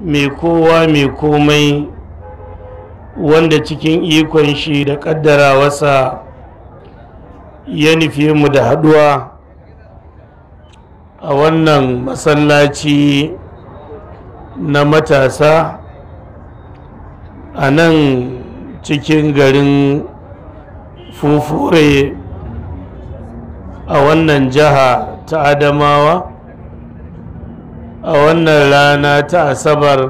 mai kowa mai komai wanda cikin ikon shi da ƙaddara wasa ya nufi mu da haduwa a wannan masallaci na matasa a nan cikin garin fufure a wannan jiha ta adamawa a wannan rana ta asabar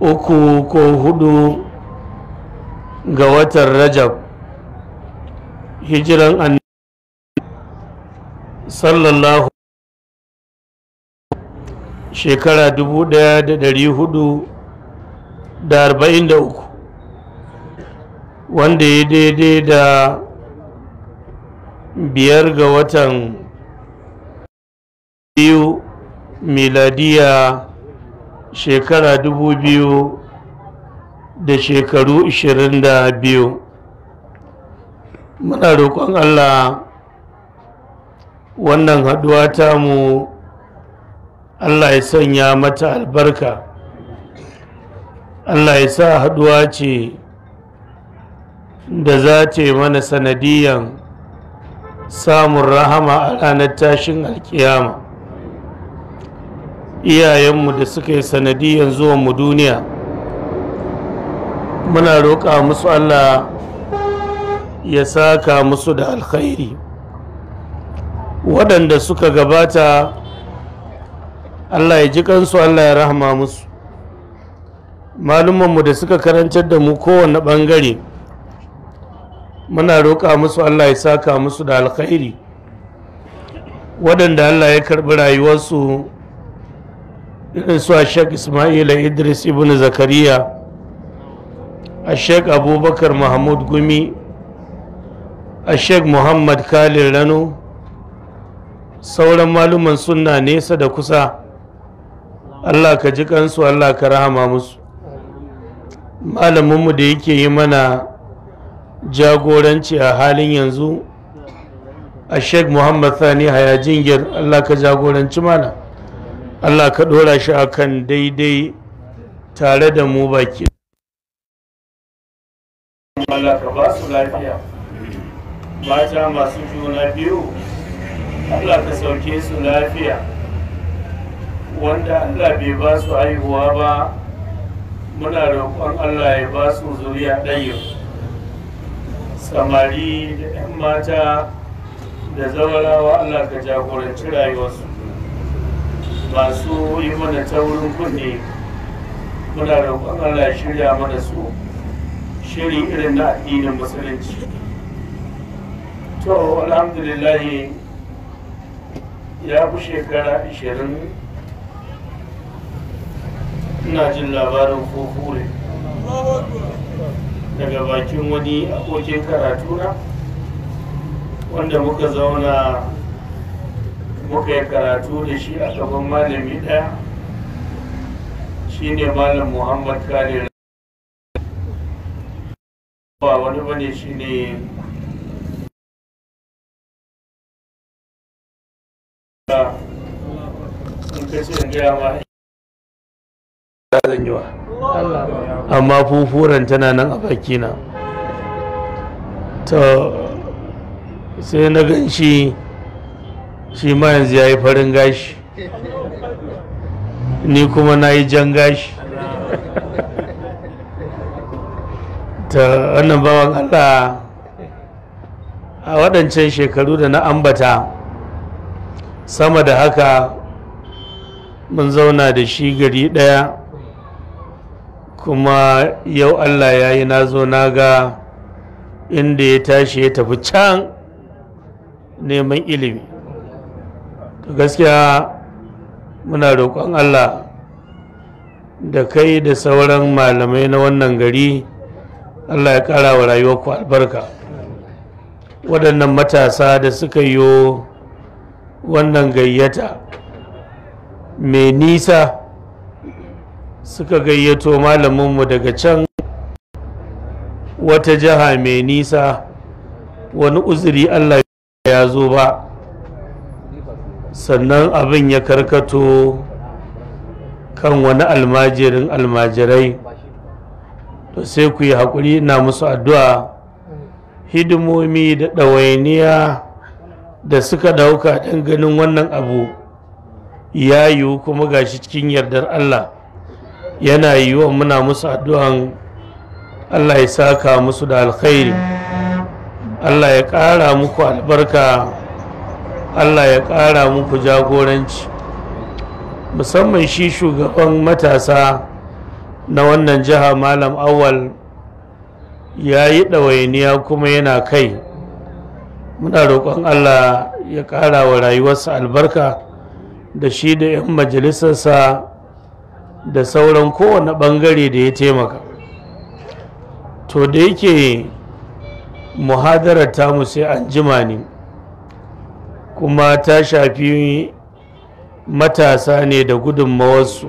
uku ko hudu ga watan rajab hijiran annabi sallallahu shekara dubu da da da dari hudu arba'in uku, wanda ya daidai da biyar ga watan biyu miladiya shekara dubu biyu da shekaru ishirin da biyu muna roƙon allah wannan haɗuwa mu allah ya sanya mata albarka allah ya sa haɗuwa ce da za ta yi mana sanadiyan samun rahama a ranar tashin alkiyama iyayenmu da suka yi sanadiyan zuwan mu duniya muna roƙa musu Allah ya saka musu da alkhairi waɗanda suka gabata Allah ya ji kansu Allah ya rahama musu malumanmu da suka karantar da mu kowane ɓangare muna roƙa musu Allah ya saka musu da alkhairi waɗanda Allah ya karɓi rayuwarsu su a shek ismaila idris ibn zakariya a shek abubakar mahmud gumi a shek muhammad khalil rano sauran maluman suna nesa da kusa allah ka ji kansu allah ka rahama musu malaminmu da yake yi mana jagoranci a halin yanzu a shek muhammad sani hayajingir allah ka jagoranci mana Allah ka ɗora shi akan daidai tare da mu baki Allah ka ba su lafiya mata masu juna biyu Allah ka sauke su lafiya wanda Allah bai ba su haihuwa ba muna roƙon Allah ya ba su zuriya ɗaya samari da 'yan mata da zawarawa Allah ka jagoranci rayuwarsu masu yi mana taurin kunne muna da Allah shirya mana su shirin irin na addinin musulunci to alhamdulillah ya fi shekara 20 ina jin labarin kofure daga bakin wani abokin karatuna wanda muka zauna muka yi karatu da shi a gaban malami ɗaya shine malam muhammad kare ba wani bane shi in amma fufuran tana nan a bakina ta sai na gan shi shi ma yanzu ya yi farin gashi ni kuma na yi jan gashi ta wannan bawan allah a waɗancan shekaru da na ambata sama da haka mun zauna da shi gari ɗaya kuma yau allah ya yi na zo na ga inda ya tashi ya tafi can neman ilimi gaskiya muna roƙon allah da kai da sauran malamai na wannan gari allah ya ƙara wa rayuwarku albarka waɗannan matasa da suka yi wannan gayyata mai nisa suka gayyato malaminmu daga can wata jiha mai nisa wani uzuri allah ya zo ba sannan abin ya karkato kan wani almajirin almajirai to sai ku yi haƙuri na musu addu'a hidimomi da ɗawainiya da suka ɗauka ɗan ganin wannan abu ya yiwu kuma ga shi cikin yardar Allah yana yiwuwa muna musu addu'an Allah ya saka musu da alkhairi Allah ya ƙara muku albarka allah ya ƙara muku jagoranci musamman shi shugaban matasa na wannan jiha malam awal ya yi ɗawainiya kuma yana kai muna roƙon allah ya ƙara wa rayuwarsa albarka da shi da 'yan majalisarsa da sauran kowane ɓangare da ya taimaka to da yake muhadarar tamu sai an jima ne kuma ta shafi matasa ne da su.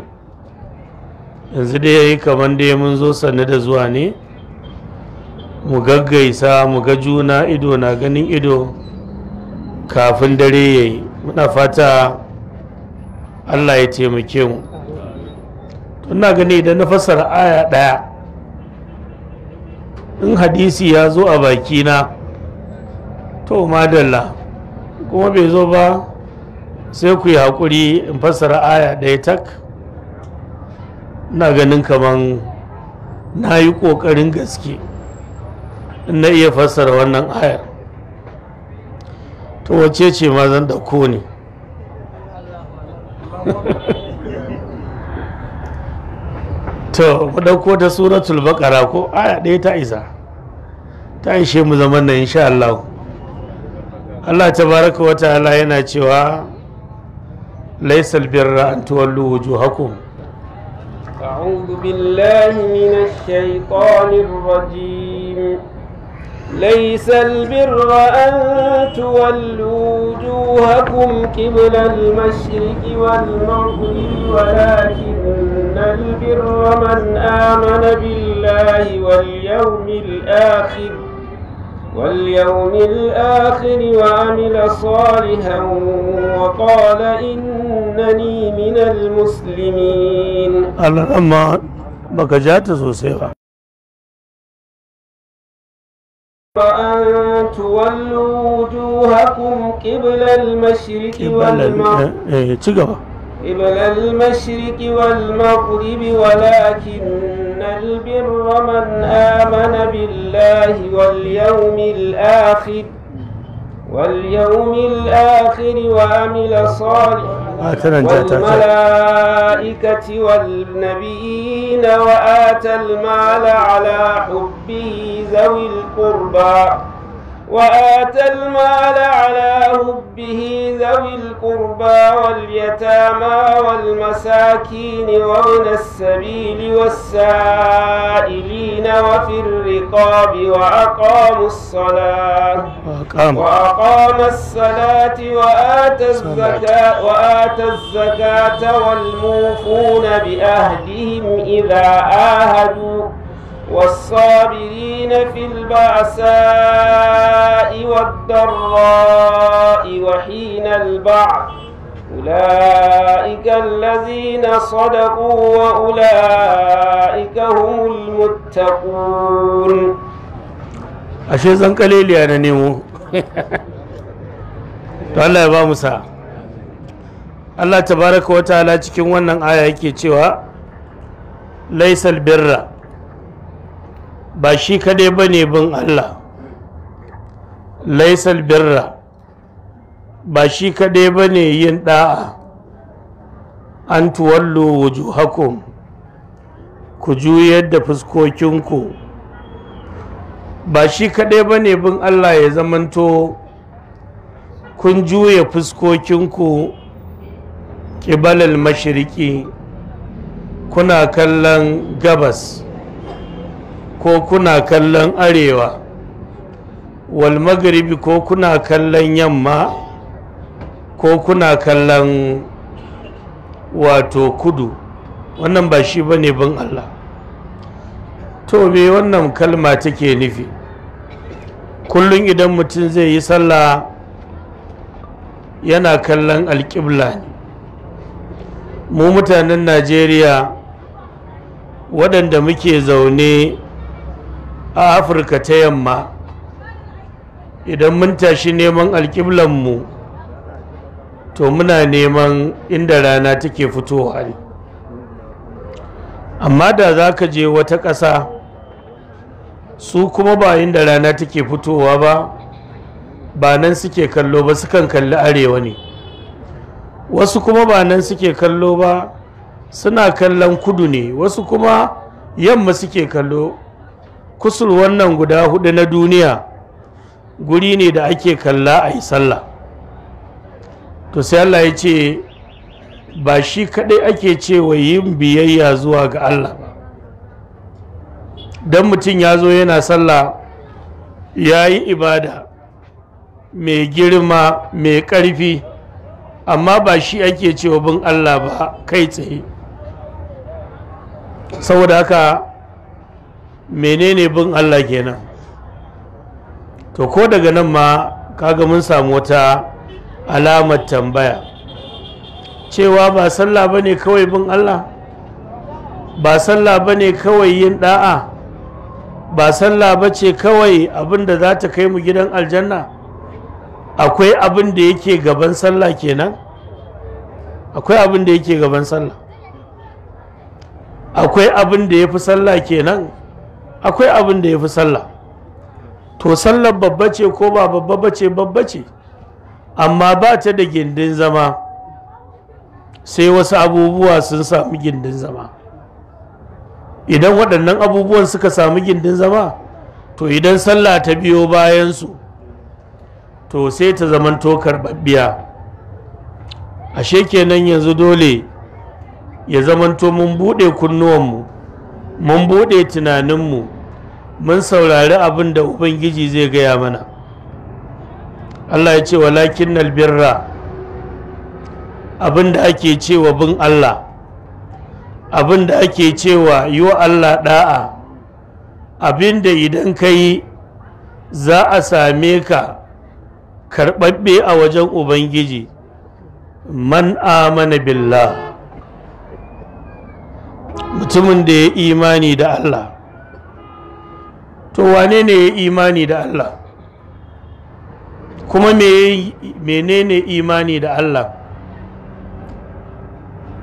yanzu da ya yi kamar da mun zo sannu da zuwa ne mu gaggaisa mu ga juna ido na ganin ido kafin dare ya yi muna fata allah ya taimake mu tuna gani idan na fassara aya ɗaya in hadisi ya zo a bakina to madalla kuma bai zo ba sai ku yi haƙuri in fassara aya ɗaya tak na ganin kaman na yi ƙoƙarin gaske na iya fassara wannan ayar to wace ce ma zan ɗauko ne to mu ɗauko ta suratul baƙara ko aya ɗaya ta isa ta ishe mu zaman na insha Allah Allah tabaraka wa ta'ala yana cewa laisal birra an tuwallu wujuhakum أعوذ بالله من الشيطان الرجيم ليس البر أن تولوا وجوهكم قبل المشرق والمغرب ولكن البر من آمن بالله واليوم الآخر واليوم الآخر وعمل صالحا وقال إنني من المسلمين اللهم أما بكجات سوسيغا وأن تولوا وجوهكم قبل المشرق والمغرب قبل المشرق والمغرب ولكن البر من آمن بالله واليوم الآخر واليوم الآخر وعمل صالحا والملائكة والنبيين وآتى المال على حبه ذوي القربى وآتى المال على حبه ذوي القربى واليتامى والمساكين وابن السبيل والسائلين وفي الرقاب وأقاموا الصلاة وأقام, وأقام الصلاة وآتى الزكاة وآتى الزكاة والموفون بأهلهم إذا آهدوا والصابرين في البأساء والضراء وحين البعث أولئك الذين صدقوا وأولئك هم المتقون ashe zan kaleliya na nemo to Allah ya ba mu sa Allah tabaraka wa ta'ala cikin wannan aya yake cewa laisal birra ba shi kadai ba ne bin Allah laisal birra ba shi kadai ba ne yin da'a an tuwallo wujuhakum ku juyar da fuskokinku ba shi kadai ba ne bin Allah ya zamanto kun juya fuskokinku ƙibalar mashiriki kuna kallon gabas ko kuna kallon arewa wal magribi ko kuna kallon yamma ko kuna kallon wato kudu wannan ba shi ba ne bin Allah to me wannan kalma take nufi kullum idan mutum zai yi sallah yana kallon alƙibla ne mu mutanen najeriya waɗanda muke zaune a afirka ta yamma idan mun tashi neman mu, to muna neman inda rana take fitowa ne amma da za ka je wata ƙasa su kuma ba inda rana take fitowa ba ba nan suke kallo ba sukan kalli arewa ne wasu kuma ba nan suke kallo ba suna kallon kudu ne wasu kuma yamma suke kallo kusur wannan guda hudu na duniya guri ne da ake kalla a yi sallah to sai Allah ya ce ba shi kadai ake cewa yin biyayya zuwa ga Allah ba don mutum ya zo yana sallah ya yi ibada mai girma mai ƙarfi amma ba shi ake cewa bin Allah ba kai tsaye saboda haka menene bin Allah kenan to ko daga nan ma kaga mun samu wata alamar tambaya cewa ba sallah bane kawai bin Allah ba sallah bane kawai yin da'a ba sallah bace kawai abinda za ta kai mu gidan aljanna akwai abin da yake gaban sallah kenan akwai abin da yake gaban sallah akwai abin da ya fi sallah kenan akwai abin da ya fi sallah to sallar babba ce ko ba babba bace babba ce amma ba ta da gindin zama sai wasu abubuwa sun samu gindin zama idan waɗannan abubuwan suka samu gindin zama to idan sallah ta biyo bayansu to sai ta zaman zamanto karɓaɓɓiya ashe kenan yanzu dole ya zamanto mun buɗe kunnuwanmu mun buɗe tunaninmu mun saurari abin da ubangiji zai gaya mana allah ya ce walakin nalbirra abin da ake cewa bin allah abin da ake cewa yi wa allah da'a abin da idan ka yi za a same ka karɓaɓɓe a wajen ubangiji man amana billah mutumin da ya imani da allah to wane ne ya imani da Allah kuma menene imani da Allah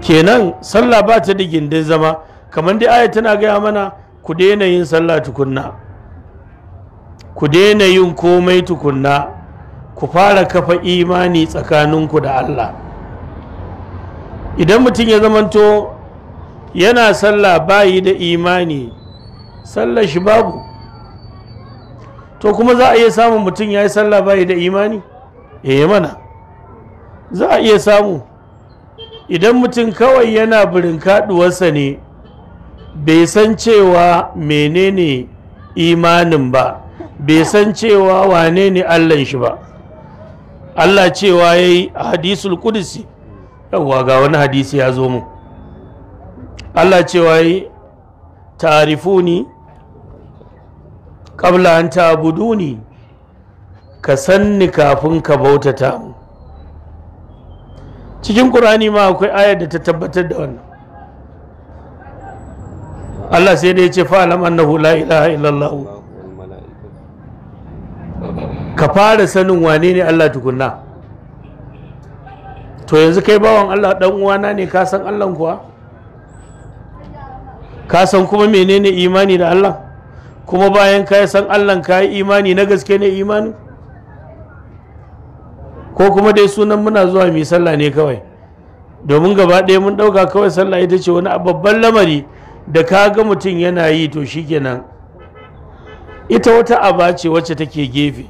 kenan sallah ba ta da gindin zama kamar dai aya tana gaya mana ku daina yin sallah tukunna ku daina yin komai tukunna ku fara kafa imani tsakaninku da Allah idan mutum ya zamanto yana sallah bayi da imani sallah shi babu to kuma za a iya samun mutum ya yi sallah bayi da imani eh mana za a iya samu idan mutum kawai yana birin kaduwarsa ne bai san cewa menene imanin ba bai san cewa wane ne allan shi ba allah cewa ya yi a hadisul kudisi yawwa ga wani hadisi ya zo mu allah cewa ya yi tarifuni qabla an ne ka ni kafin ka bautata mu cikin ƙur'ani ma akwai ayar da ta tabbatar da wannan Allah sai dai ya ce fa'alam annahu la ilaha illallah ka fara sanin wane ne Allah tukuna. to yanzu kai bawan Allah dan uwana ne ka san Allah kuwa ka san kuma menene imani da Allah kuma bayan ka yi san allah ka yi imani na gaske ne imani ko kuma dai sunan muna zuwa mai sallah ne kawai domin gaba ɗaya mun ɗauka kawai sallah ita ce wani babban lamari da ka ga mutum yana yi to shi shikenan ita wata aba ce wacce take gefe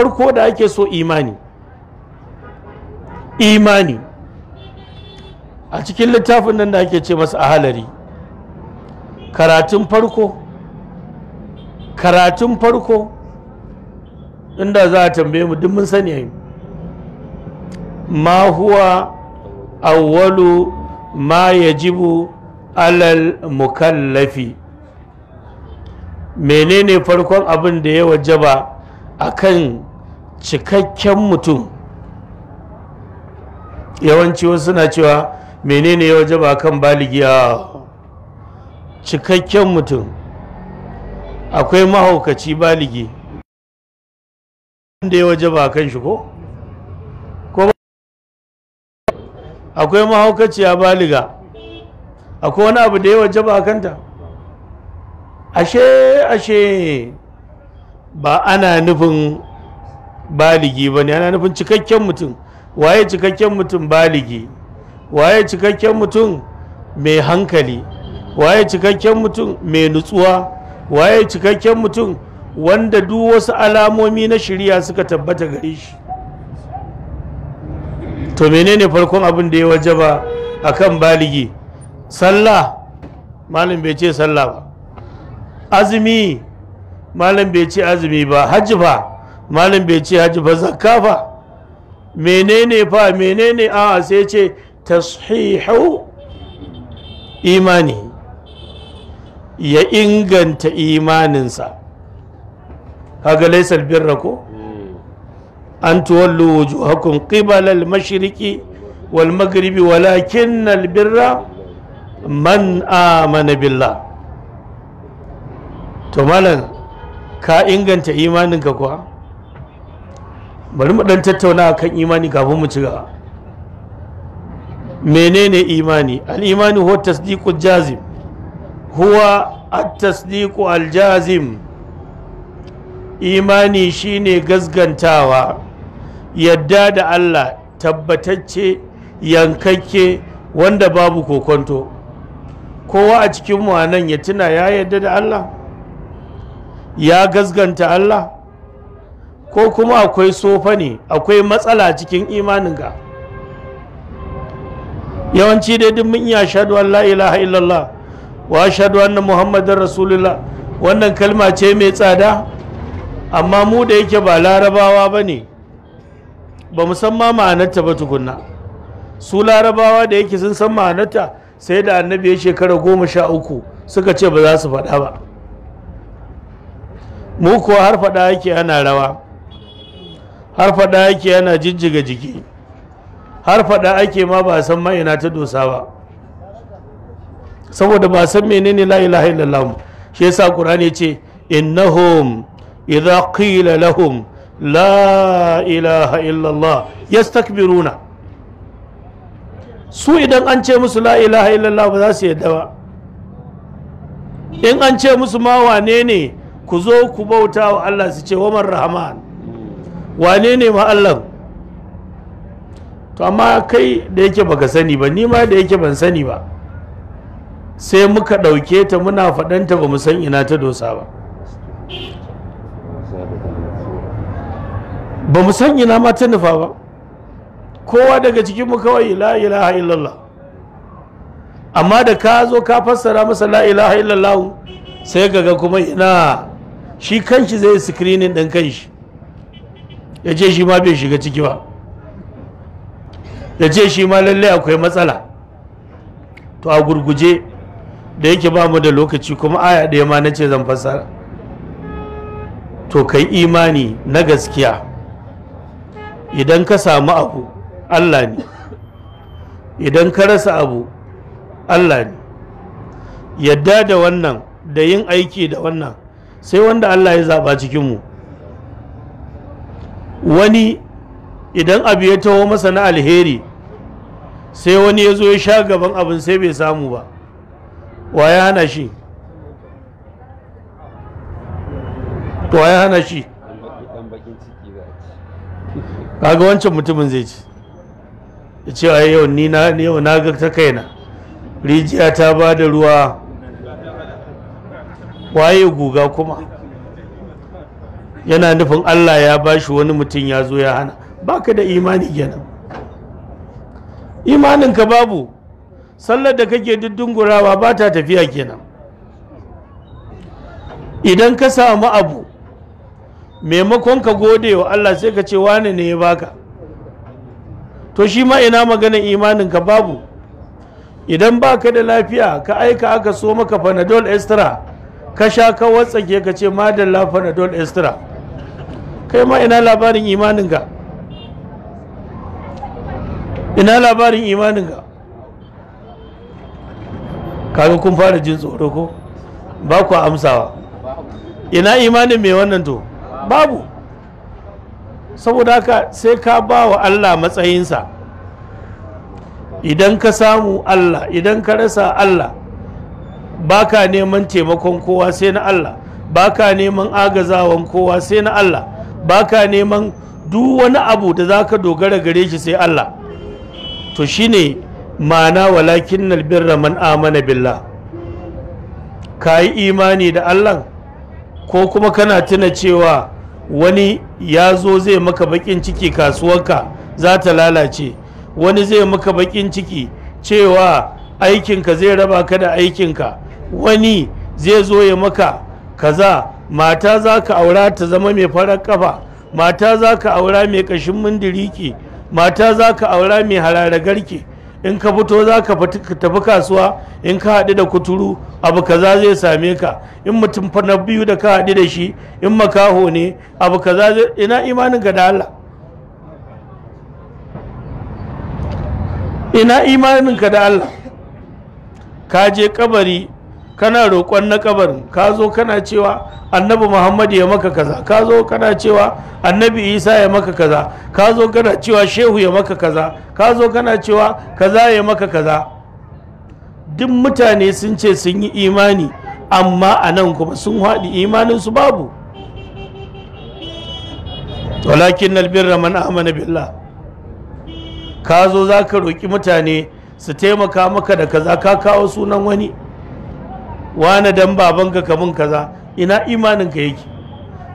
farko da ake so imani imani a cikin littafin nan da ake ce masa ahalari karatun farko karatun farko inda za a tambaye mu duk mun sani yayi ma huwa awwalu ma yajibu alal mukallafi menene farkon abin da ya wajaba akan cikakken mutum yawanci wasu suna cewa menene ya wajaba kan baligiya cikakken mutum akwai mahaukaci baligi wanda ya waje ba kan shi ko? akwai mahaukaciya baliga akwai wani abu da ya waje ba kanta ashe ashe ba ana nufin baligi ba ne ana nufin cikakken mutum waye cikakken mutum baligi waye cikakken mutum mai hankali waye cikakken mutum mai nutsuwa waye cikakken mutum wanda duk wasu alamomi na shirya suka tabbata gare shi to menene farkon abin da ya waje ba a kan baligi sallah malam bai ce sallah ba azumi malam bai ce azumi ba hajji ba malam bai ce hajji ba zakka ba menene fa menene a sai ce tashihu imani ya inganta imaninsa kaga laisar birra ko hmm. an tuwallu wujuhakum qibala ƙibalar mashiriki wal magribi walakin na birra man amana billah to malam ka inganta imaninka kuwa bari mu ɗan tattauna akan imani kafin mu ci gaba menene imani al-imani huwa tasdiqul jazim huwa at-tasdiqu al-jazim imani shine gaskantawa yadda da Allah tabbatacce yankakke wanda babu kokonto kowa a cikin mu nan ya tuna ya yadda da Allah ya gasganta Allah ko kuma akwai sofa ne akwai matsala cikin imaninka yawanci dai duk mun iya shaɗu Allah ilaha illallah wa ashhadu anna muhammadin rasulullah wannan kalma ce mai tsada amma mu da yake ba larabawa ba ne ba mu san ma ma'anarta ba tukunna su larabawa da yake sun san ma'anarta sai da annabi ya shekara goma sha uku suka ce ba za su faɗa ba mu kuwa har faɗa yake ana rawa har faɗa yake ana jijjiga jiki har faɗa ake ma ba san maina ta dosa ba saboda ba san menene la ilaha illallah shi yasa qur'ani ce innahum idza qila lahum la ilaha illallah yastakbiruna su idan an ce musu la ilaha illallah ba za su yadda ba in an ce musu ma wane ne ku zo ku bauta wa Allah su ce waman rahman wane ne ma Allah to amma kai da yake baka sani ba ni ma da yake ban sani ba sai muka ɗauke ta muna faɗanta ba mu san ina ta dosa ba ba mu san ina ma ta nufa ba kowa daga cikinmu kawai la ilaha illallah amma da ka zo ka fassara masa la ilaha illallah sai gaga kuma ina shi kanshi zai screening ɗin kanshi ya ce shi ma bai shiga ciki ba ya ce shi ma lallai akwai matsala to a gurguje da yake ba mu da lokaci kuma aya ɗaya ma na ce zan fassara to kai imani na gaskiya idan ka samu abu allah ne idan ka rasa abu allah ne yadda da wannan da yin aiki da wannan sai wanda allah ya zaɓa cikinmu wani idan abu ya taho masa na alheri sai wani ya zo ya sha gaban abin sai bai samu ba wa ya hana shi to ya hana shi kaga wancan mutumin zai ci ya ce a yau ni na yau na ga ta kaina rijiya ta ba da ruwa waye guga kuma yana nufin Allah ya bashi wani mutum ya zo ya hana baka da imani kenan imaninka babu sallar da kake dundungurawa ba ta tafiya kenan idan ka samu abu maimakon ka gode wa Allah sai ka ce wane ne ya baka to shi ma ina maganar imanin ka babu idan baka da lafiya ka aika aka so maka panadol extra ka sha ka watsake ka ce madalla panadol extra kai ma ina labarin imanin ka ina labarin imanin ka kaga kun fara jin tsoro ko ba ku amsawa ina imanin mai wannan to babu saboda haka sai ka ba wa Allah matsayinsa idan ka samu Allah idan ka rasa Allah baka neman taimakon kowa sai na Allah baka neman agazawan kowa sai na Allah baka neman duk wani abu da za ka dogara gare shi sai Allah to shine ma'ana walakin birra man amana billah ka yi imani da allah ko kuma kana tuna cewa wani ya zo zai maka bakin ciki kasuwarka za ta lalace wani zai maka bakin ciki cewa aikinka zai raba ka da aikinka wani zai zo ya maka kaza mata za ka aura ta zama mai farar kafa mata za ka aura mai kashin mundiriki mata za ka aura mai hararagarki in ka fito za ka tafi kasuwa in ka haɗu da kuturu abu kaza zai same ka in mutum na biyu da ka haɗu da shi in makaho ne abu kaza zai ina imanin ga da Allah ina imanin ka da Allah ka je kabari kana roƙon na kabarin ka zo kana cewa annabi muhammad ya maka kaza ka zo kana cewa annabi isa ya maka kaza ka zo kana cewa shehu ya maka kaza ka zo kana cewa kaza ya maka kaza duk mutane sun ce sun yi imani amma a nan kuma sun haɗi imaninsu babu walakin albirra man amana billah ka zo za ka roƙi mutane su taimaka maka da kaza ka kawo sunan wani wane dan babanka ka mun kaza ina imaninka yake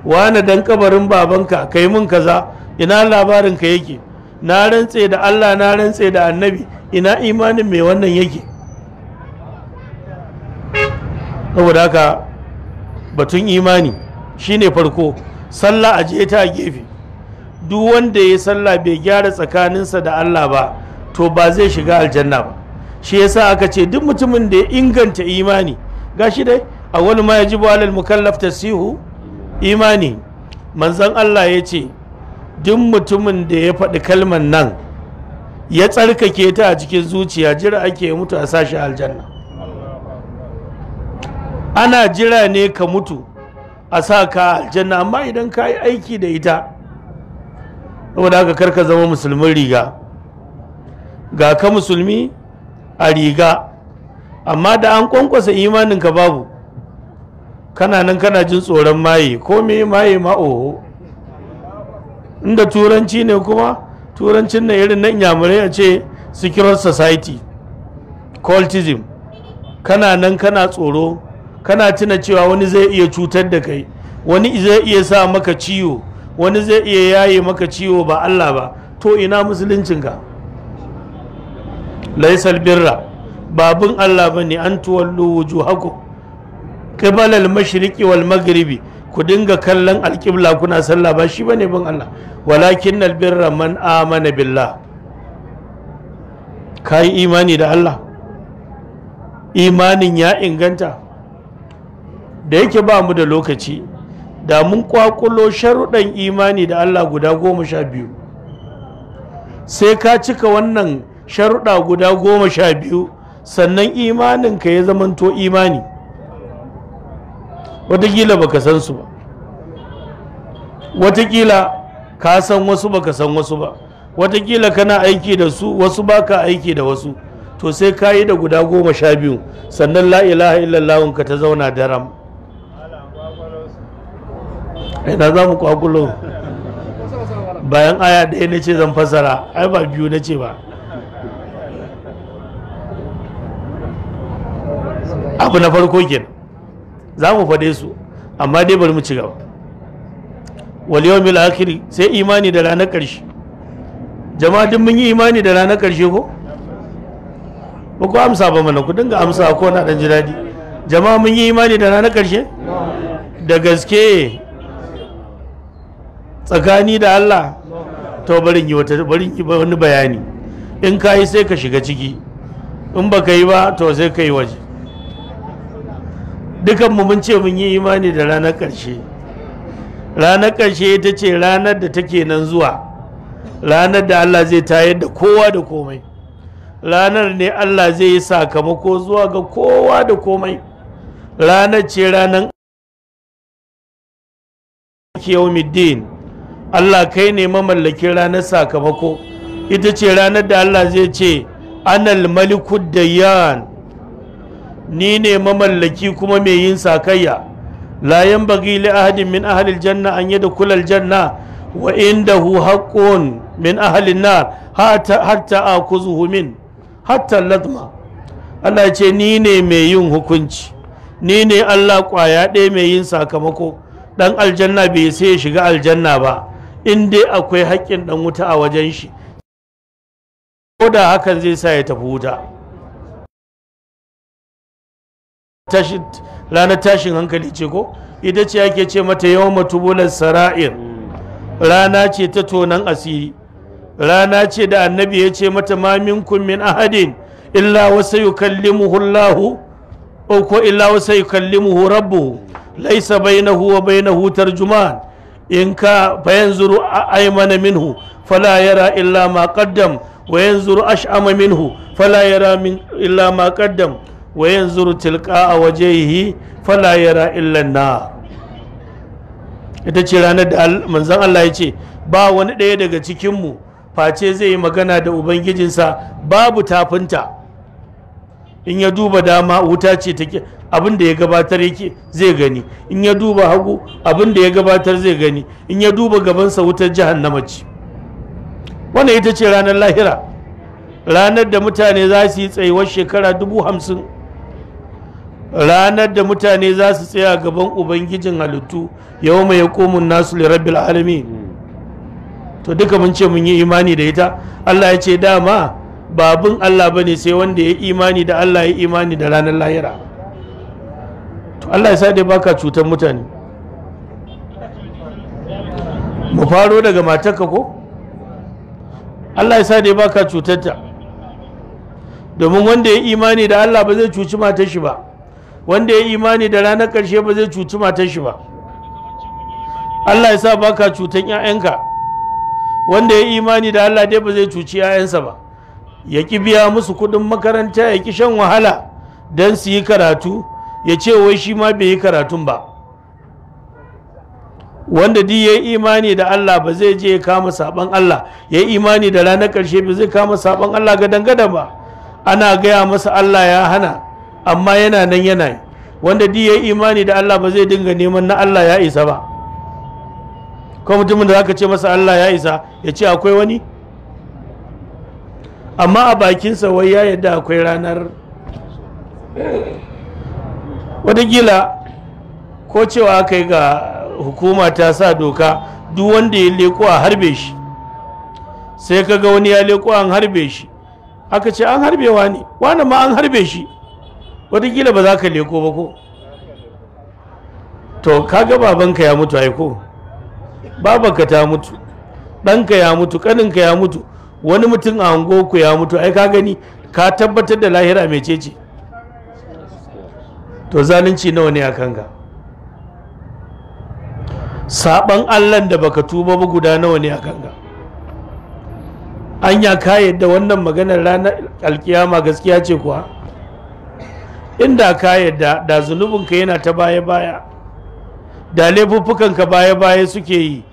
wane dan kabarin babanka kai mun kaza ina labarinka yake na rantse da Allah na rantse da annabi ina imanin mai wannan yake saboda haka batun imani shine farko sallah a je ta gefe duk wanda ya sallah bai gyara tsakaninsa da Allah ba to ba zai shiga aljanna ba shi yasa aka ce duk mutumin da ya inganta imani gashi dai awwalu ma yajibu alal mukallaf tasihu imani manzon Allah ya ce duk mutumin da ya faɗi kalmar nan ya tsarkake ta a cikin zuciya jira ake mutu a sashi aljanna ana jira ne ka mutu a sa ka aljanna amma idan ka yi aiki da ita saboda haka karka zama musulmin riga ga ka musulmi a riga amma da an kwankwasa imaninka babu kana nan kana jin tsoron maye ko me maye ma oho inda turanci ne kuma turancin na irin nan yamurai a ce secure society cultism kana nan kana tsoro kana tuna cewa wani zai iya cutar da kai wani zai iya sa maka ciwo wani zai iya yaye maka ciwo ba allah ba to ina musuluncinka laisal birra babun Allah ba ne, an tuwallo wujuhakum qibala al-mashriqi wal maghribi ku dinga kallon alƙibla kuna sallah ba shi bane bin Allah walakin albirra man amana billah kai imani da Allah imanin ya inganta da yake ba mu da lokaci da mun kwakulo sharuɗan imani da Allah guda goma sha biyu sai ka cika wannan sharuɗa guda goma sha biyu sannan imaninka ya zamanto imani watakila baka san su ba watakila ka san wasu baka san wasu ba watakila kana aiki da su wasu ba ka aiki da wasu to sai ka yi da guda goma sha biyu sannan la illallah ka ta zauna daram ina za mu kwakulo bayan aya ɗaya na ce zan fasara ai ba biyu na ce ba abu na farko kenan za mu faɗe su amma dai bari mu ci gaba wal yawmil akhir sai imani da ranar ƙarshe jama'a duk mun yi imani da ranar ƙarshe ko ba ku amsa ba mana ku dinga amsa ko na ɗan ji daɗi jama'a mun yi imani da ranar ƙarshe da gaske tsakani da Allah to barin yi wata barin yi wani bayani in ka yi sai ka shiga ciki in ka yi ba to sai ka yi waje dukanmu mun ce mun yi imani da ranar ƙarshe ranar ƙarshe ita ce ranar da take nan zuwa ranar da Allah zai tayar da kowa da komai ranar ne Allah zai yi sakamako zuwa ga kowa da komai ranar ce ranar yawmiddin Allah kai ne mamallakin ranar sakamako ita ce ranar da Allah zai ce anal malikud dayan ni ne mamallaki kuma mai yin sakayya la yanbaghi li ahadin min ahli aljanna an yadkhula aljanna wa indahu haqqun min ahli annar hatta hatta akuzuhu min hatta ladma Allah ya ce ni ne mai yin hukunci ni ne Allah kwaya ɗaya mai yin sakamako dan aljanna bai sai ya shiga aljanna ba in dai akwai haƙƙin dan wuta a wajen shi ko da hakan zai sa ya tafi wuta ranar tashin hankali ce ko ita ce ake ce mata yawan matubular sara'ir rana ce ta tonan asiri rana ce da annabi ya ce mata mamin min ahadin illa wasa yukallimuhu Allahu ko illa wasa yukallimuhu rabbuhu laisa bainahu wa bainahu tarjuman in ka fa yanzuru aymana minhu fala yara illa ma qaddam wa yanzuru ash'ama minhu fala yara min illa ma qaddam wa yanzuru tilqa a wajhihi fala yara illa na ita ce ranar da manzon Allah ya ce ba wani ɗaya daga cikin mu face zai yi magana da ubangijinsa babu tafinta in ya duba dama wuta ce ta abin da ya gabatar yake zai gani in ya duba hagu abin da ya gabatar zai gani in ya duba gabansa wutar jahannama ce wannan ita ce ranar lahira ranar da mutane za su yi tsayuwar shekara dubu hamsin ranar da mutane za su tsaya gaban ubangijin halittu yau mai hukumun nasu lirabbil alami to duka mun ce mun yi imani da ita allah ya ce dama babun allah bane sai wanda ya imani da allah ya imani da ranar lahira to allah ya sa dai baka cutar mutane mu faro daga matarka ko allah ya sa dai baka cutar ta domin wanda ya imani da allah ba zai cuci matar shi ba wanda ya imani da ranar ƙarshe ba zai cuci matar shi ba Allah ya sa baka cutan 'ya'yanka wanda ya imani da Allah dai ba zai cuci 'ya'yansa ba ya ki biya musu kuɗin makaranta ya ki shan wahala don su yi karatu ya ce wai shi ma bai yi karatun ba wanda di ya imani da Allah ba zai je ya kama saban Allah ya imani da ranar ƙarshe ba zai kama saban Allah ga dangada ba ana gaya masa Allah ya hana amma yana nan yana yi wanda di ya imani da Allah ba zai dinga neman na Allah ya isa ba ko mutumin da zaka ce masa Allah ya isa ya ce akwai wani amma a bakinsa wai ya yadda akwai ranar gila ko cewa aka yi ga hukuma ta sa doka duk wanda ya leko a harbe shi sai kaga wani ya leko an harbe shi aka ce an harbewa ne wani ma an harbe shi wataƙila ba za ka leko ba ko to kaga babanka ya mutu aiko babanka ta mutu ɗanka ya mutu kaninka ya mutu wani mutum a ku ya mutu ai ka gani ka tabbatar da lahira mecece to zalunci nawa ne a kanka saban allan da baka tuba ba guda nawa ne a kanka anya ka yadda wannan maganar ranar alkiyama gaskiya ce kuwa inda ka yadda da zunubinka yana ta baya-baya da laifuffukanka baya-baya suke yi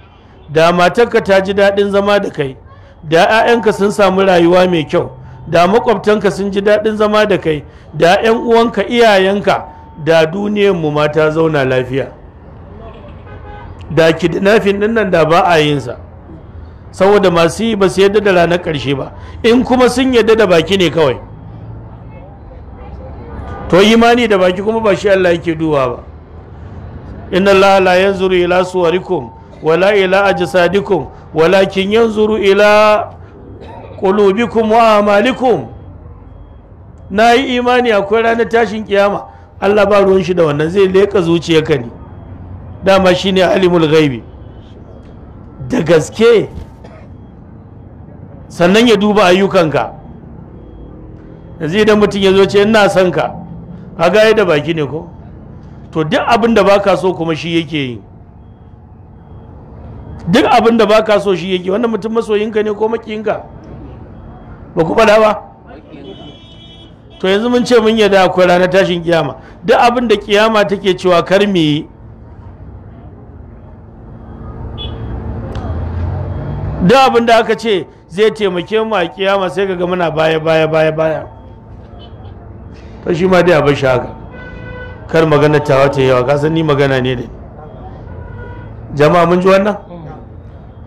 da matarka ta ji daɗin zama da kai da 'ya'yanka sun samu rayuwa mai kyau da makwabtanka sun ji daɗin zama da kai da 'yan uwanka iyayenka da duniyanmu mata zauna lafiya da kidnafin ɗin nan da ba a yinsa saboda masu yi ba su yadda da ranar ƙarshe ba in kuma sun yadda da baki ne kawai to imani da baki kuma ba shi Allah yake duwa ba inna Allah la yanzuru ila suwarikum wala ila ajsadikum walakin yanzuru ila qulubikum wa amalikum na imani akwai ranar tashin kiyama Allah ba ruwan shi da wannan zai leka zuciyarka ne dama shine alimul ghaibi da gaske sannan ya duba ayyukanka yanzu idan mutum ya zo ce ina son ka kaga yadda baki ne ko to duk abin da baka so kuma shi yake yi duk abin da baka so shi yake wannan mutum masoyinka ne ko makiyinka ba ku faɗa ba to yanzu mun ce mun yadda akwai ranar tashin kiyama duk abin da kiyama take cewa kar me yi duk abin da aka ce zai taimake mu a kiyama sai ka ga muna baya baya baya baya to shi ma dai a bashi haka kar magana tawa ta yawa kasan ni magana ne dai jama'a mun ji wannan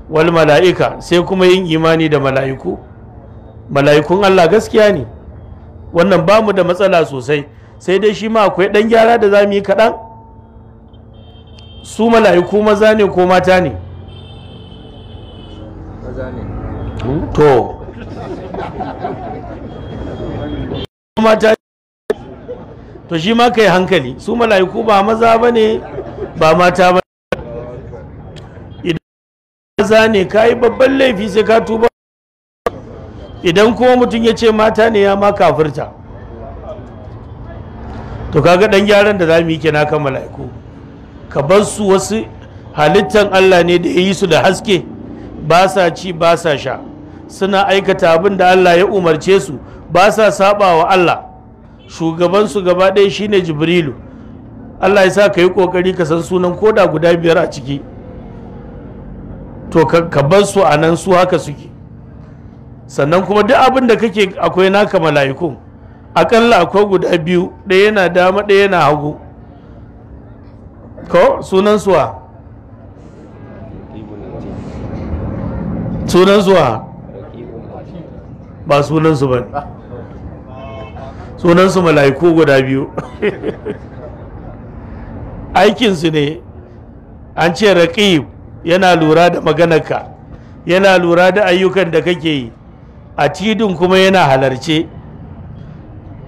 wal mala'ika sai kuma yin imani da mala'iku mala'ikun Allah gaskiya ne wannan ba mu da matsala sosai sai dai shi ma akwai ɗan gyara da za mu yi kaɗan su mala'iku maza ne ko mata ne to mata to shi ma ka yi hankali su mala'iku ba maza ba ne ba mata ba idan maza ne ka yi babban laifi sai ka tuba idan kuma mutum ya ce mata ne ya ma kafirta to kaga dan gyaran da za mu yi kina kan mala'iku ka bar su wasu halittan Allah ne da ya yi su da haske ba sa ci ba sa sha suna aikata abin da Allah ya umarce su ba sa saba wa Allah shugabansu gaba ɗaya shine jibrilu allah ya sa ka yi ƙoƙari ka san sunan koda guda biyar a ciki to ka bar su a nan su haka suke sannan kuma duk abin da kake akwai naka mala'iku akalla akwai guda biyu ɗaya yana dama ɗaya yana hagu ko sunan suwa sunan suwa ba sunan su ba sunansu mala'iku guda biyu aikinsu ne an ce raqib yana lura da maganarka yana lura da ayyukan da kake yi a tidin kuma yana halarce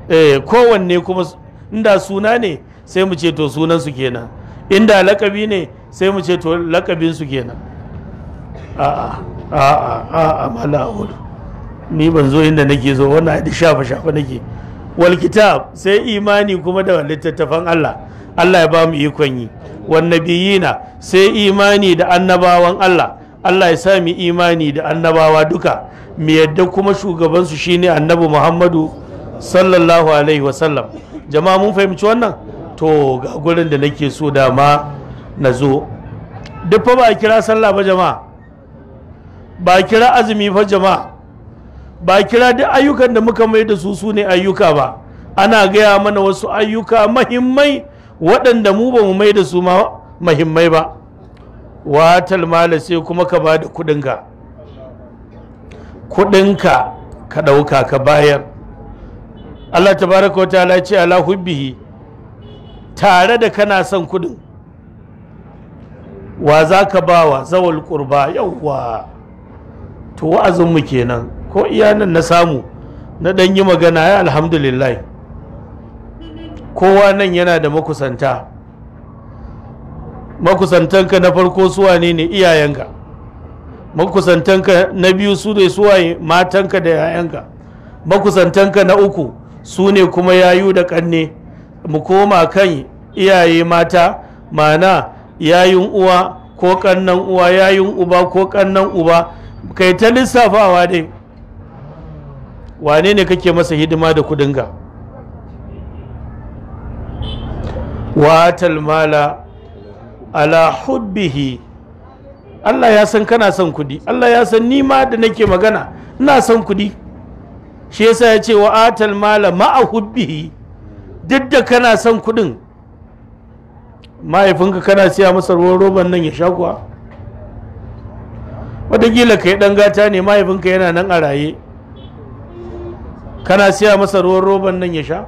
eh, kowanne kuma inda suna ne sai mu ce to sunansu kenan inda lakabi ne sai mu ce to lakabinsu kenan a'a a'a a'a mala ni ban zo inda nake zo wannan shafa shafa nake wal sai imani kuma da littattafan Allah Allah ya ba mu ikon yi wan nabiyina sai imani da annabawan Allah Allah ya sa mu imani da annabawa duka mu yadda kuma shugaban su shine annabi Muhammadu sallallahu alaihi sallam. jama'a mun fahimci wannan to ga gurin da nake so dama na zo duk fa ba a kira sallah ba jama'a ba a kira azumi fa jama'a ba kira duk ayyukan da muka mai da su su ne ayyuka ba ana gaya mana wasu ayyuka mahimmai waɗanda mu ba mu mai da su ma mahimmai ba watal mala sai kuma ka ba da kuɗinka kuɗinka ka ɗauka ka bayar Allah ta baraka wa ta'ala ce ala hubbihi tare da kana son kuɗin wa za ka ba wa zawal kurba yawwa to wa'azinmu kenan ko iya na samu na ɗan yi magana ya alhamdulillah kowa nan yana da makusanta makusantanka na farko suwa ne ne iyayenka makusantanka na biyu su ne suwa matanka da yayanka makusantanka na uku su ne kuma yayu da ƙanne mu koma kan iyaye mata mana yayun uwa ko ƙannan uwa yayun uba ko ƙannan uba kai ta lissafawa dai wane ne kake masa hidima da kudinga? watal mala ala hubbihi Allah ya san kana son kudi Allah ya san ni ma da nake magana ina son kudi shi yasa ya ce wa atal mala ma'a hubbihi duk da kana son kudin mahaifinka kana siya masa ruwan roban nan ya sha kuwa ka kai ɗan gata ne mahaifinka yana nan a raye kana siya masa ruwan roban nan ya sha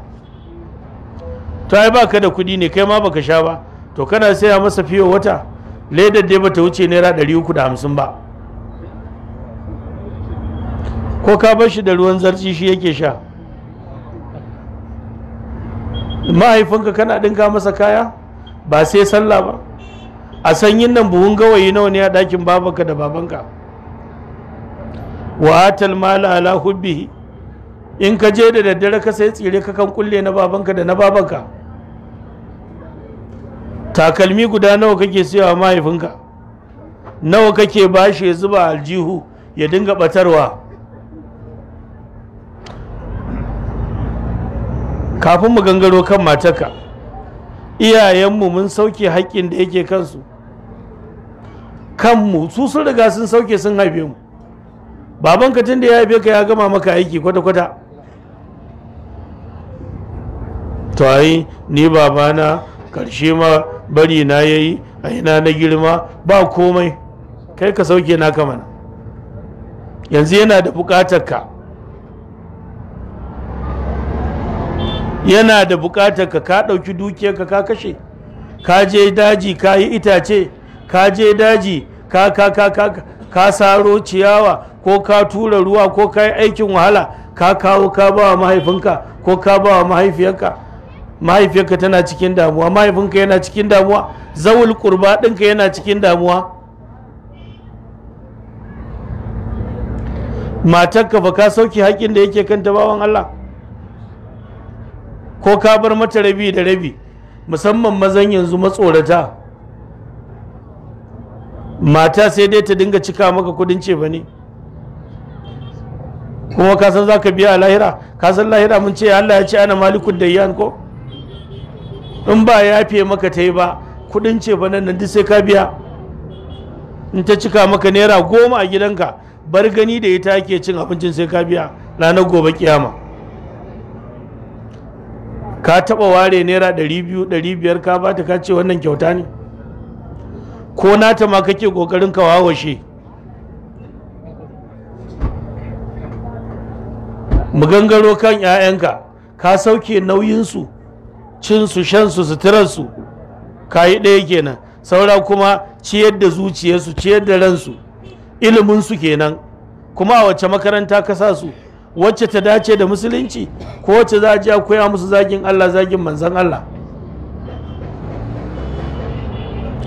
to ai baka da kuɗi ne kai ma baka sha ba to kana siya masa fiye wata ledar dai bata wuce naira ɗari uku da hamsin ba ko ka bar shi da ruwan zarci shi yake sha mahaifinka kana ɗinka masa kaya ba sai sallah ba a sanyin nan buhun gawayi nawa ne a ɗakin babanka da babanka wa atal mala ala hubbihi in ka je da daddare ka sai tsire ka kan kulle na babanka da na babanka takalmi guda nawa kake siyawa mahaifinka nawa kake bashi ya zuba aljihu ya dinga batarwa kafin mu gangaro kan mataka iyayenmu mun sauke haƙƙin da yake kansu kanmu su sun riga sun sauke sun haife mu babanka tun da ya haife ka ya gama maka aiki kwata-kwata to ai ni babana karshe ma bari na yayi a ina na girma ba komai kai ka sauke na mana yanzu yana da bukatar ka yana da bukatar ka ka ɗauki dukiyarka ka kashe ka je daji ka yi itace ka je daji ka ka ka ka ka saro ciyawa ko ka tura ruwa ko ka yi aikin wahala ka kawo ka ba mahaifinka ko ka ba wa mahaifiyarka mahaifiyarka tana cikin damuwa mahaifinka yana cikin damuwa zawul kurba ɗinka yana cikin damuwa matarka ba ka sauki haƙƙin da yake kanta bawan Allah ko ka bar mata rabi da rabi musamman mazan yanzu matsorata mata sai dai ta dinga cika maka kudin ce ba ne kuma ka san za ka biya a lahira ka san lahira mun ce Allah ya ce ana malikun dayyan ko in ba yafe maka ta yi ba kudin ce ba nan duk sai ka biya in ta cika maka naira goma a gidanka bar gani da ita ke cin abincin sai ka biya ranar gobe kiyama ka taba ware naira biyu ɗari biyar ka bata ka ce wannan kyauta ne ko nata ma kake kokarin ka wawashe mu gangaro kan 'ya'yanka ka sauke nauyinsu cinsu shansu suturarsu kayi ɗaya kenan saura kuma ciyar da zuciyarsu ciyar da ransu iliminsu kenan kuma a wacce makaranta ka sa su wacce ta dace da musulunci ko wacce za a ji a koya musu zagin allah zagin manzan allah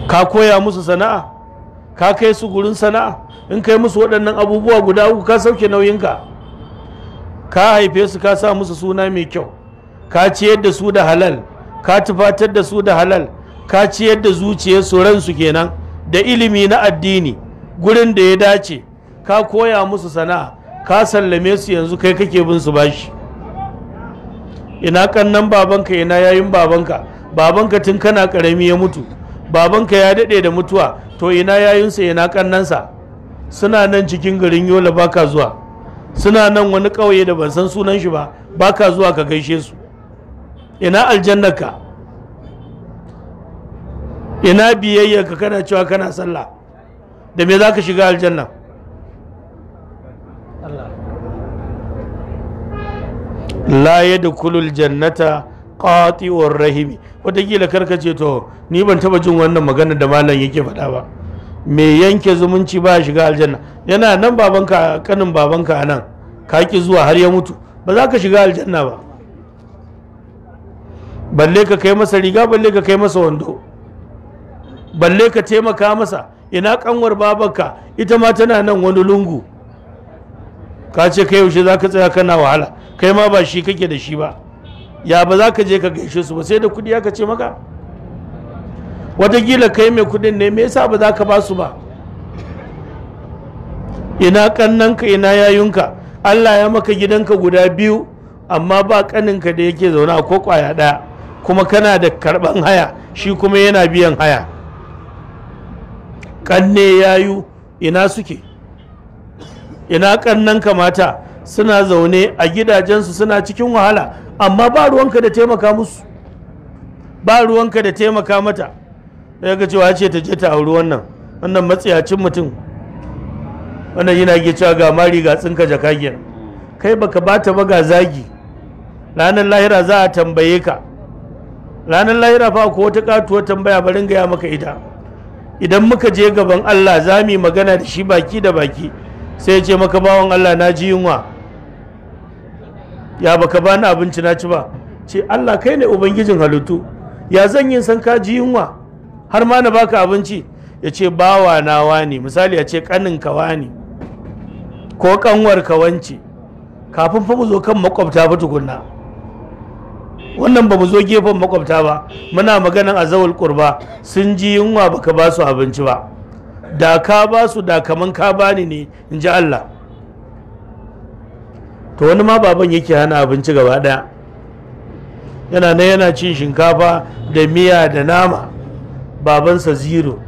ka koya musu sana'a ka kai su gurin sana'a in kai musu waɗannan abubuwa guda uku ka sauke nauyinka ka haife su ka sa musu suna mai kyau ka ciyar da su da halal ka tufatar da su da halal ka ciyar da zuciyarsu ransu kenan da ilimi na addini gurin da ya dace ka koya musu sana'a ka sallame su yanzu kai kake bin su bashi ina kannan babanka ina yayin babanka babanka tun kana karami ya mutu babanka ya daɗe da mutuwa to ina yayinsa ina kannansa suna nan cikin garin yola baka zuwa suna nan wani ƙauye da ban san sunan shi ba baka zuwa ka gaishe su ina aljannaka ina biyayyarka kana cewa kana sallah da me za ka shiga aljanna la jannata kulul jannata ƙatiwar rahimi watakila karkace to ni ban taba jin wannan magana da malam yake faɗa ba me yanke zumunci ba shiga aljanna yana nan babanka kanin babanka a nan ka ki zuwa har ya mutu ba za ka shiga aljanna ba balle ka kai masa riga balle ka kai masa wando balle ka taimaka masa ina kanwar babanka ita ma tana nan wani lungu ka ce kai yaushe za ka tsaya kana wahala kai ma ba shi kake da shi ba ya ba za ka je ka gaishe su ba sai da kudi aka ce maka watakila kai mai kudin ne me yasa ba za ka ba su ba ina kannanka ina yayunka allah ya maka gidanka guda biyu amma ba kaninka da yake zaune a ko kwaya ɗaya kuma kana da karban haya shi kuma yana biyan haya kanne yayu ina suke ina kannan kamata suna zaune a gidajensu suna cikin wahala amma ba ruwanka da taimaka musu ba ruwanka da taimaka mata sai ga cewa ce ta je ta auri wannan wannan matsiyacin mutum wannan yana ke cewa ga mari ga tsinka jaka kai baka bata ba ga zagi ranar lahira za a tambaye ka ranar lahira fa ko wata katuwar tambaya barin gaya maka ita idan muka je gaban Allah za mu magana da shi baki da baki sai ya ce maka bawan Allah na ji yunwa ya baka bani abinci na ci ba ce Allah kai ne ubangijin halittu ya zan yin san ka ji yunwa har ma na baka abinci ya ce bawa na wani misali ya ce kanin ka wani ko kanwar ka wance kafin fa mu zo kan makwabta fa tukunna wannan ba mu zo gefen makwabta ba muna maganan azawul kurba sun ji yunwa baka ba su abinci ba da ka ba su da kaman ka bani ne in ji Allah to wani ma baban yake hana abinci gaba daya yana nan yana cin shinkafa da miya da nama babansa zero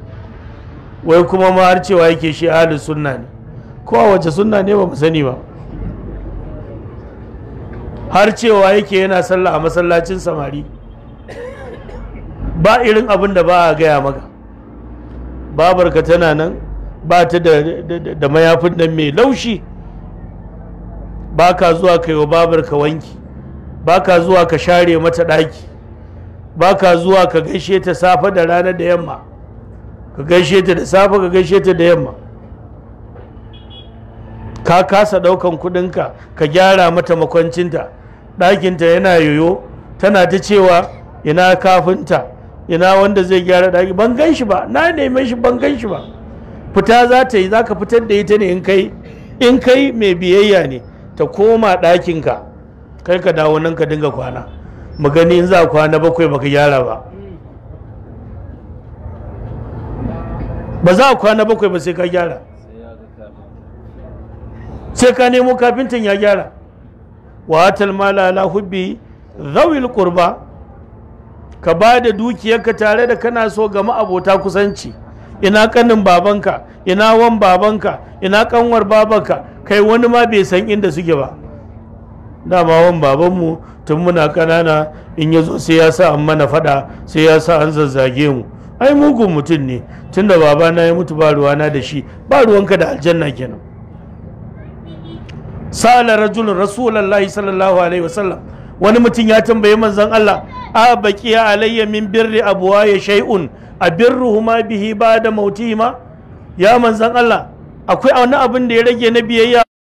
wai kuma ma har cewa yake shi ahli sunna ne ko wace sunna ne ba mu sani ba har cewa yake yana sallah a masallacin samari ba irin abin da ba a gaya maka babarka tana nan ba ta da mayafin nan mai laushi ba ka zuwa ka yi wa babarka wanki ba ka zuwa ka share mata ɗaki ba ka zuwa ka gaishe ta safe da rana da yamma ka gaishe ta da safe ka gaishe ta da yamma ka kasa ɗaukan kuɗinka ka gyara mata makwancinta ɗakinta yana yoyo tana ta cewa ina kafinta ina wanda zai gyara ɗaki ban gan shi ba na neman shi ban gan shi ba fita za ta yi za ka fitar da ita ne in kai in kai mai biyayya ne ta koma ɗakinka kai ka dawo nan ka dinga kwana mu gani in za kwana bakwai baka gyara ba ba za a kwana bakwai ba sai ka gyara sai ka nemo kafintin ya gyara wa atal mala ala hubbi dhawil qurba ka ba da dukiyarka tare da kana so ga ma'abota kusanci ina kanin babanka ina wan babanka ina kanwar babanka kai wani ma bai san inda suke ba dama wan babanmu tun muna kanana in ya zo sai ya sa an mana fada sai ya sa an zazzage mu ai mugun mutum ne tunda babana ya mutu ba ruwana da shi ba ruwanka da aljanna kenan sala rajul rasulullahi sallallahu alaihi wasallam wani mutum ya tambaye manzon Allah a baki ya alayya min birri ya shay'un abirruhuma bihi ba'da mautihima ya manzon Allah akwai wani abin da ya rage na biyayya